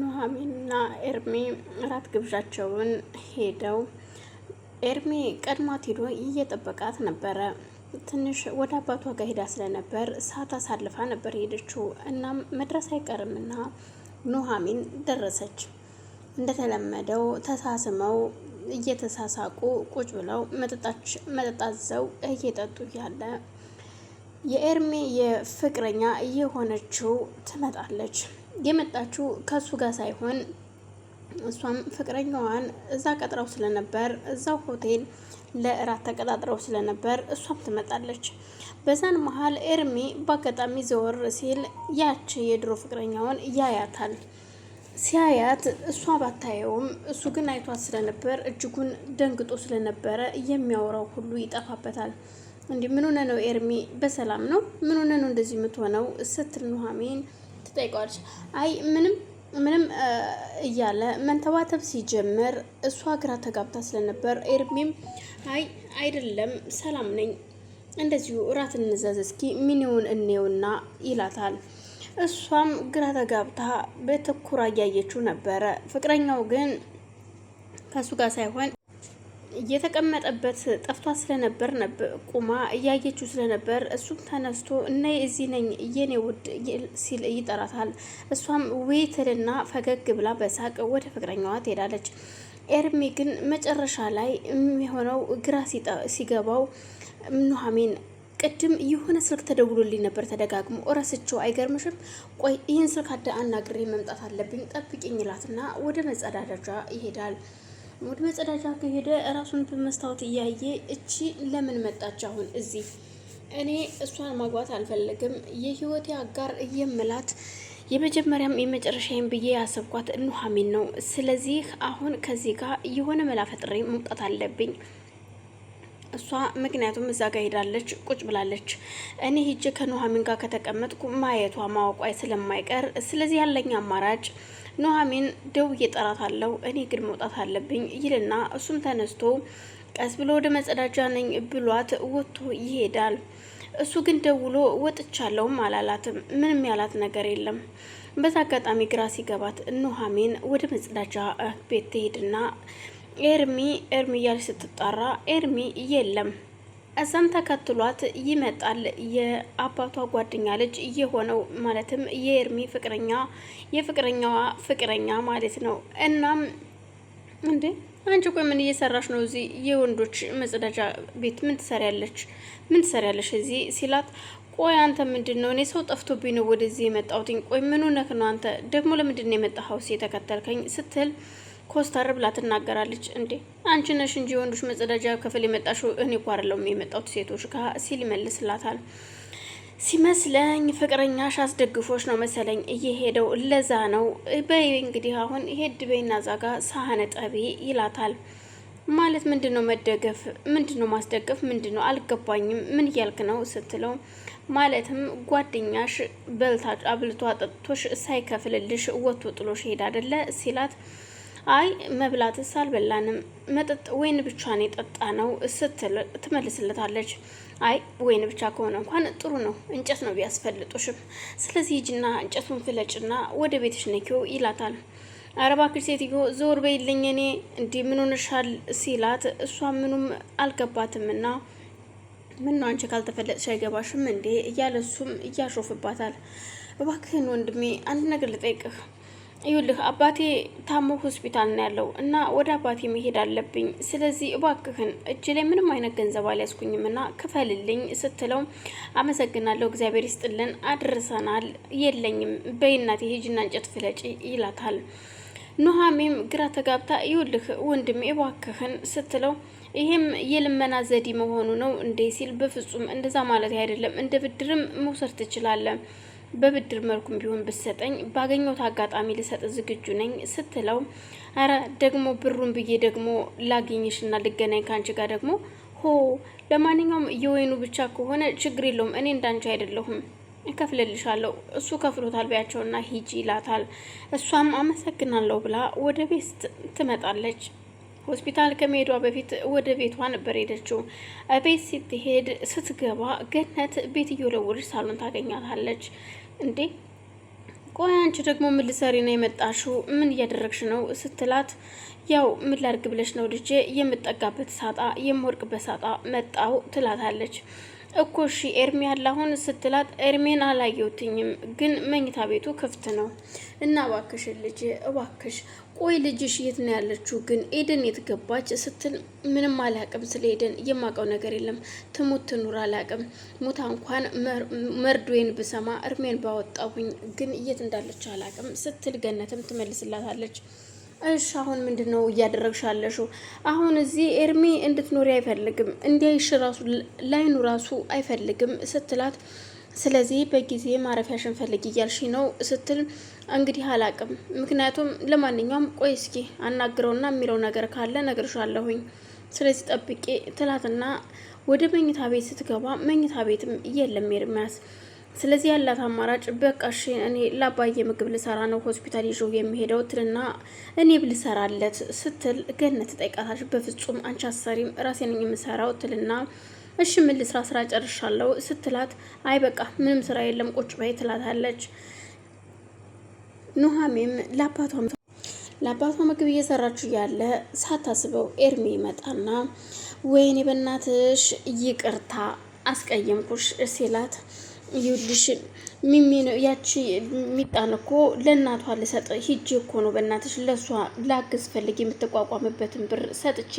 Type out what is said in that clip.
ኑሐሚንና ኤርሜ እራት ግብዣቸውን ሄደው ኤርሜ ቀድማት ሄዶ እየጠበቃት ነበረ። ትንሽ ወደ አባቷ ጋር ሄዳ ስለነበር ሰዓት አሳልፋ ነበር ሄደችው። እናም መድረስ አይቀርምና ኑሐሚን ደረሰች። እንደተለመደው ተሳስመው እየተሳሳቁ ቁጭ ብለው መጠጣች መጠጣዘው እየጠጡ ያለ የኤርሜ የፍቅረኛ እየሆነችው ትመጣለች። የመጣችው ከሱ ጋር ሳይሆን እሷም ፍቅረኛዋን እዛ ቀጥረው ስለነበር እዛው ሆቴል ለእራት ተቀጣጥረው ስለነበር እሷም ትመጣለች። በዛን መሀል ኤርሜ በአጋጣሚ ዘወር ሲል ያች የድሮ ፍቅረኛውን ያያታል። ሲያያት እሷ ባታየውም እሱ ግን አይቷት ስለነበር እጅጉን ደንግጦ ስለነበረ የሚያወራው ሁሉ ይጠፋበታል። እንዲ ምን ሆነ ነው ኤርሚ በሰላም ነው? ምን ሆነ ነው እንደዚህ የምትሆነው ስትል ኑሐሚን ትጠይቀዋለች። አይ ምንም ምንም እያለ መንተባተብ ሲጀምር እሷ ግራ ተጋብታ ስለነበር ኤርሚም አይ አይደለም ሰላም ነኝ፣ እንደዚሁ እራት እንዘዝ እስኪ ሚኒውን እንየውና ይላታል። እሷም ግራ ተጋብታ በትኩራ እያየችው ነበረ። ፍቅረኛው ግን ከእሱ ጋር ሳይሆን እየተቀመጠበት ጠፍቷ ስለነበር ነበር ቁማ እያየችው ስለነበር እሱም ተነስቶ እና እዚህ ነኝ የኔ ውድ ሲል ይጠራታል። እሷም ዌትልና ፈገግ ብላ በሳቅ ወደ ፍቅረኛዋ ትሄዳለች። ኤርሚ ግን መጨረሻ ላይ የሚሆነው ግራ ሲገባው ኑሐሚን ቅድም የሆነ ስልክ ተደውሎልኝ ነበር ተደጋግሞ እረስቸው፣ አይገርምሽም? ቆይ ይህን ስልክ አናግሬ መምጣት አለብኝ ጠብቂኝ ይላትና ወደ መጸዳጃ ይሄዳል። ወደ መጸዳጃ ከሄደ ራሱን በመስታወት እያየ እቺ ለምን መጣች አሁን እዚህ? እኔ እሷን ማግባት አልፈለግም። የህይወቴ አጋር እየመላት የመጀመሪያም የመጨረሻም ብዬ ያሰብኳት ኑሐሚን ነው። ስለዚህ አሁን ከዚህ ጋር የሆነ መላ ፈጥሬ መውጣት አለብኝ። እሷ ምክንያቱም እዛ ጋር ሄዳለች፣ ቁጭ ብላለች። እኔ ሄጄ ከኑሐሚን ጋር ከተቀመጥኩ ማየቷ ማወቋ ስለማይቀር ስለዚህ ያለኝ አማራጭ ኑሐሚን ደውዬ አለው እኔ ግን መውጣት አለብኝ ይልና እሱም ተነስቶ ቀስ ብሎ ወደ መጸዳጃ ነኝ ብሏት ወጥቶ ይሄዳል። እሱ ግን ደውሎ ወጥቻለሁም አላላትም። ምንም ያላት ነገር የለም። በዛ አጋጣሚ ግራ ሲገባት ኑሐሚን ወደ መጸዳጃ ቤት ትሄድና ኤርሚ ኤርሚ እያለች ስትጣራ ኤርሚ የለም። እዛም ተከትሏት ይመጣል። የአባቷ ጓደኛ ልጅ የሆነው ማለትም የኤርሚ ፍቅረኛ የፍቅረኛዋ ፍቅረኛ ማለት ነው። እናም እንዴ አንቺ ቆይ ምን እየሰራሽ ነው? እዚህ የወንዶች መጸዳጃ ቤት ምን ትሰሪያለች? ምን ትሰሪያለች እዚህ ሲላት ቆይ አንተ ምንድን ነው? እኔ ሰው ጠፍቶብኝ ነው ወደዚህ የመጣሁትኝ። ቆይ ምን ነክ ነው አንተ ደግሞ ለምንድን ነው የመጣኸው? ሲ የተከተልከኝ ስትል ኮስተር ብላ ትናገራለች። እንዴ አንቺ ነሽ እንጂ ወንዶች መጸዳጃ ክፍል የመጣሽው፣ እኔ እኮ አይደለሁም የመጣሁት ሴቶች ጋር ሲል ይመልስላታል። ሲመስለኝ ፍቅረኛሽ አስደግፎች ነው መሰለኝ እየሄደው ለዛ ነው። በይ እንግዲህ አሁን ሄድ በይና ዛጋ ሳህነ ጠቢ ይላታል። ማለት ምንድን ነው መደገፍ? ምንድን ነው ማስደገፍ? ምንድን ነው አልገባኝም። ምን እያልክ ነው ስትለው ማለትም ጓደኛሽ በልታ አብልቶ አጠጥቶሽ ሳይከፍልልሽ ወጥቶ ጥሎሽ ሄድ አደለ ሲላት አይ መብላትስ አልበላንም መጠጥ ወይን ብቻ ነው የጠጣ ነው ስትል ትመልስለታለች። አይ ወይን ብቻ ከሆነ እንኳን ጥሩ ነው፣ እንጨት ነው ቢያስፈልጡሽም። ስለዚህ ሂጂና እንጨቱን ፍለጭና ወደ ቤትሽ ነኪው ይላታል። አረባክሽ ሴትዮ ዞር በይልኝ እኔ እንዲህ ምን ሆነሻል ሲላት እሷ ምኑም አልገባትምና ምን ነው አንቺ ካልተፈለጥሽ አይገባሽም እንዴ እያለ እሱም እያሾፍባታል። እባክህን ወንድሜ አንድ ነገር ልጠይቅህ ይኸውልህ አባቴ ታሞ ሆስፒታል ነው ያለው እና ወደ አባቴ መሄድ አለብኝ። ስለዚህ እባክህን እጅ ላይ ምንም አይነት ገንዘብ አልያዝኩኝም እና ክፈልልኝ ስትለው አመሰግናለሁ፣ እግዚአብሔር ይስጥልን፣ አድርሰናል፣ የለኝም፣ በይናቴ ሂጂና እንጨት ፍለጪ ይላታል። ኑሐሚም ግራ ተጋብታ ይኸውልህ ወንድሜ እባክህን ስትለው ይሄም የልመና ዘዴ መሆኑ ነው እንዴ ሲል በፍጹም እንደዛ ማለት አይደለም፣ እንደ ብድርም መውሰድ ትችላለን በብድር መልኩም ቢሆን ብሰጠኝ ባገኘሁት አጋጣሚ ልሰጥ ዝግጁ ነኝ ስትለው፣ አረ ደግሞ ብሩን ብዬ ደግሞ ላገኝሽና ልገናኝ ከአንቺ ጋር ደግሞ ሆ ለማንኛውም የወይኑ ብቻ ከሆነ ችግር የለውም እኔ እንዳንቺ አይደለሁም እከፍልልሻለሁ እሱ ከፍሎታል ቢያቸውና ሂጂ ይላታል። እሷም አመሰግናለሁ ብላ ወደ ቤት ትመጣለች። ሆስፒታል ከመሄዷ በፊት ወደ ቤቷ ነበር ሄደችው። ቤት ስትሄድ ስትገባ ገነት ቤት እየወለወለች ሳሎን ታገኛታለች። እንዴ ቆይ አንቺ ደግሞ ምን ልሰሪ ነው የመጣሽው? ምን እያደረግሽ ነው ስትላት፣ ያው ምን ላድርግ ብለሽ ነው ልጄ፣ የምጠጋበት ሳጣ የምወርቅበት ሳጣ መጣው ትላታለች። እኮ እሺ ኤርሚ ያለ አሁን ስትላት ኤርሜን አላየሁትኝም፣ ግን መኝታ ቤቱ ክፍት ነው እና እባክሽን ልጅ እባክሽ ቆይ ልጅሽ የት ነው ያለችው? ግን ኤደን የት ገባች? ስትል ምንም አላቅም፣ ስለ ኤደን የማውቀው ነገር የለም። ትሙት ትኑር አላቅም። ሙታ እንኳን መርዶዬን ብሰማ እርሜን ባወጣሁኝ፣ ግን የት እንዳለች አላቅም ስትል ገነትም ትመልስላታለች። እሺ አሁን ምንድን ነው እያደረግሽ ያለሽው? አሁን እዚህ ኤርሚ እንድትኖሪ አይፈልግም እንዲያይሽ ራሱ ላይኑ ራሱ አይፈልግም ስትላት፣ ስለዚህ በጊዜ ማረፊያሽን ፈልግ እያልሽ ነው ስትል፣ እንግዲህ አላቅም። ምክንያቱም ለማንኛውም ቆይ እስኪ አናግረውና የሚለው ነገር ካለ ነግርሻለሁኝ፣ ስለዚህ ጠብቄ ትላትና ወደ መኝታ ቤት ስትገባ መኝታ ቤትም የለም ኤርሚያስ ስለዚህ ያላት አማራጭ በቃሽ፣ እኔ ላባዬ ምግብ ልሰራ ነው ሆስፒታል ይዞ የሚሄደው ትልና እኔ ብልሰራለት ስትል ገነት ጠይቃታች። በፍጹም አንቺ አሰሪም ራሴን የምሰራው ትልና እሺ ምን ልስራ ስራ ጨርሻለሁ ስትላት፣ አይ በቃ ምንም ስራ የለም ቁጭ በይ ትላታለች። ኑሐሚም ለአባቷም ለአባቷ ምግብ እየሰራችሁ ያለ ሳታስበው ኤርሚ ይመጣና ወይኔ በእናትሽ ይቅርታ አስቀየምኩሽ ሲላት ይኸውልሽ ሚሚ ነው ያቺ ሚጣን እኮ ለእናቷ ልሰጥ ሂጄ እኮ ነው። በእናትሽ ለእሷ ላግዝ ፈልግ የምትቋቋምበትን ብር ሰጥቼ